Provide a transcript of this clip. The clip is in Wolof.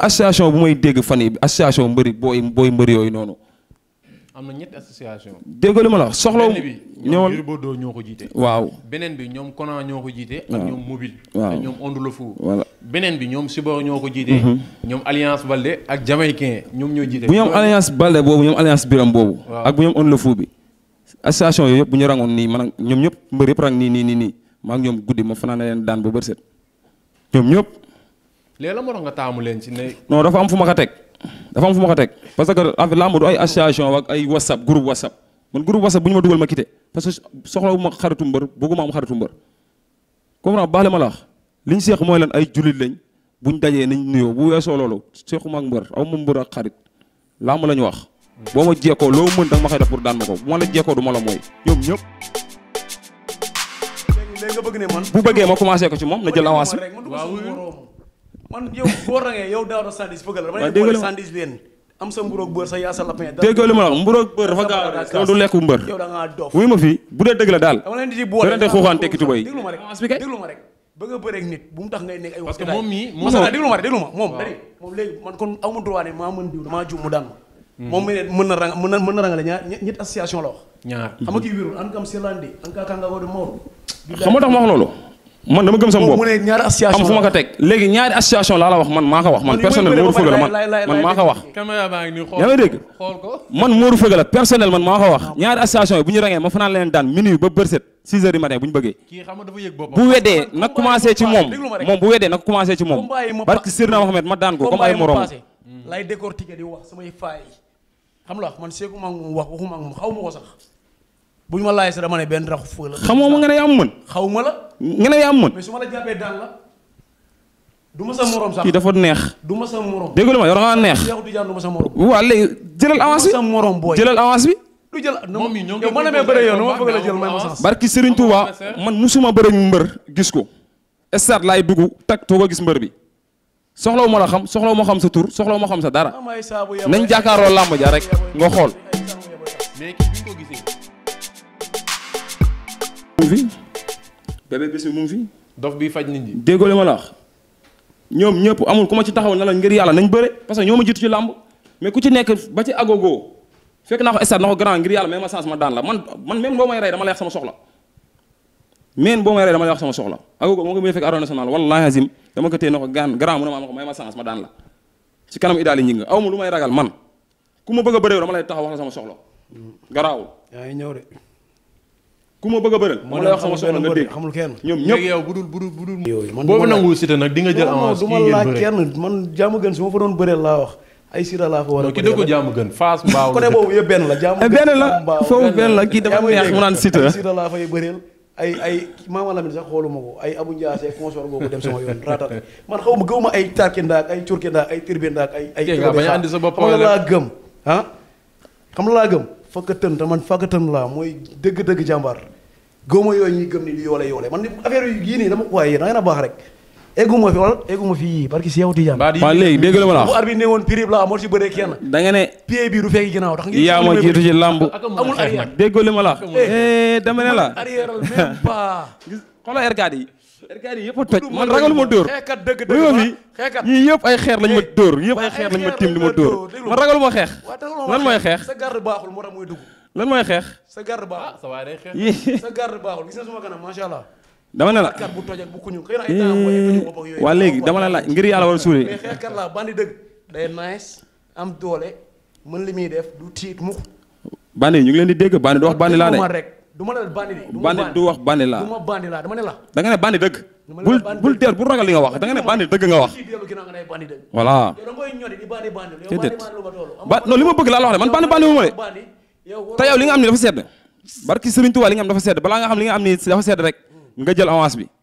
association bu mooy dégg fan yi association mbëri booy booy mbëri yooyu noonu. am na ñetti association. dégg li ma la wax soxla. ñoom Gris ko jiite. waaw beneen bi ñoom Kona ñoo ko jiite. ak ñoom mobile. waaw ak ñoom beneen bi ñoom Sibor ñoo ko jiite. Mhm. ñoom Alliance Balde ak Jamaïcain ñoom ñoo jiite. bu ñoom Alliance Balde boobu ñoom Alliance Biram boobu. ak bu ñoom Onde le Fou bi. association yooyu yëpp bu ñu rangoon nii man ak ñoom ñëpp mbër yëpp rang nii nii nii nii maa ngi ñoom guddi ma fanaan leen daan ba bërset ñoom ñëpp léegi la moo tax nga taamu leen ci ne. non dafa am fu ma ka teg fu ma teg parce que en fait lamb du ay association ak ay whatsapp groupe whatsapp man groupe whatsapp bu ñu ma dugal ma quitté parce que soxlawu ma xaritu mbër bëgguma am xaritu mbër. comprends baale ma la wax li ñu mooy lan ay jullit lañ buñ dajee nañ nuyoo bu weesoo loolu seexuma ak mbër ma mbër ak xarit lamb la ñu wax. boo ma jeekoo loo mën danga ma koy def pour daan ma ko bu ma la jeekoo du ma la mooy ñoom ñëpp. léegi nga bëgg ne man. bu ko ci moom na jël avance bi. man yow boo rangee yow daaw da sandis fëggal la ma ne sandis leen am sa mburoog bër sa yaa sa lapin déggoo li ma bër dafa gaaw loolu du da ngaa dof wuy ma fii bu dee dëgg la daal dama leen di boole déglu ma rek ma a hmm. nga kii de mawru xam tax ma wax loolu man dama gëm sama bopp am fu ko teg léegi ñaari association laa la wax man maa ko wax man personnel Modou Feuguela man man maa wax yaa ngi man maa ko wax ñaari association bu ñu rangee ma fanaan leen daan minuit ba bërset 6 heures du matin bu ñu bëggee bu weddee na commencé ci moom moom bu weddee na commencé ci moom barki ma daan ko comme ay moroom xaw ma ko sax bu ma laajee sax dama ne benn raxu foofu xamoo ma nga ne yaa mën. xaw ma la. nga ne yaa mën. mais su la jàppee daan la. du ma sa morom sax kii dafa neex. du ma sa morom. dégg ma yor nga neex. yow du ma sa morom. waaw léegi jëlal avance bi du ma sa morom bi. du jël moom mii ñoo ngi koy bëre yow ma bëgg la jël may ma sax. man musuma bëre ñu mbër gis ko. stade laay duggu tag toog a gis mbër bi soxlawu ma la xam soxlawu ma xam sa tur soxlawu ma xam sa dara nañ jàkkaarloo làmb ja rek nga xool. mais kii bi ko gisee. fi bébé Bismi mu ngi fi. dof bi faj nit ñi. déggoo li ma la ñoom ñëpp amul ku ma ci taxaw na la ngir yàlla nañ bëre parce que ñoo ma jiitu ci làmb mais ku ci nekk ba ci agogo fekk naa ko stade na ko grand ngir ma chance ma daan man man même boo may rey dama lay wax sama soxla même boo may rey dama lay wax sama soxla agogo ko mën a fekk arène nationale wallahi na ko gan grand mu ne ma ma ko may ma chance ma daan la ci kanam idaali ñi nga aw lu may ragal man ku ma bëgg a bëréew dama lay taxaw wax la sama soxla garaawul ku ma bëgg a bëral ma lay wax sama soxla nga dégg xamul kenn ñoom ñëpp yow budul budul budul boobu nangu Sita nag di nga jël avance du ma laaj kenn man ma ay boobu yëpp eh, mu Sita Sita laa fay bëreel ay ay maama Lamine Abu Ndiasse consort googu dem sama yoon raatat man xaw ma gëw ma ay tarki ndaak ay turki ndaak ay turbi ndaak ay ay bañ a andi sa bopp xam la laa gëm ah? xam la laa gëm fakatan te man fakatan laa mooy dëgg-dëgg jàmbaar góoma yooyu ñuy gëm ni di yoole yoole man affaire yii nii dama ko waaye da ngeen a baax rek egguma fi wala egguma fi yii parce que si yow Tijaan waaw léegi dégg la ma la bu arbitre ne woon prix la moo ci bëree kenn da nga ne pied bi du fekk ma jiitu ci la ma la dama ne la arrière même pas xoolal R4 yi xeerkat yi yëpp a toj man ragaluma dóor xeekat dëgg dëgg xeekat yii yëpp ay xeer lañ ma dóor yii yëpp ay xeer lañ ma tiim di ma dóor man ragaluma xeex lan mooy xeex sa garde baaxul moo tax muy dugg lan mooy xeex sa garde baaxul sa waay day xeex sa garde baaxul gis na suma allah dama ne bu toj ak bu kuñu xëy na ay temps waa léegi dama la laaj ngir yàlla war a suuri mais xeerkat la bandi dëgg day nice am doole mën li muy def du tiit mukk bandi ñu ngi leen di dégg bandi du wax bandi laa de du ma la bandi du wax bandi la. da nga ne bandi dëgg. bul bul deel li nga wax da ne bandi dëgg nga wax. voilà. déedéet ba non li ma bëgg laa wax de man bandi bandi wu ma de. li nga am ni dafa sedd. barki Serigne Touba li nga am dafa sedd balaa nga xam li nga am ni dafa sedd rek nga jël avance bi.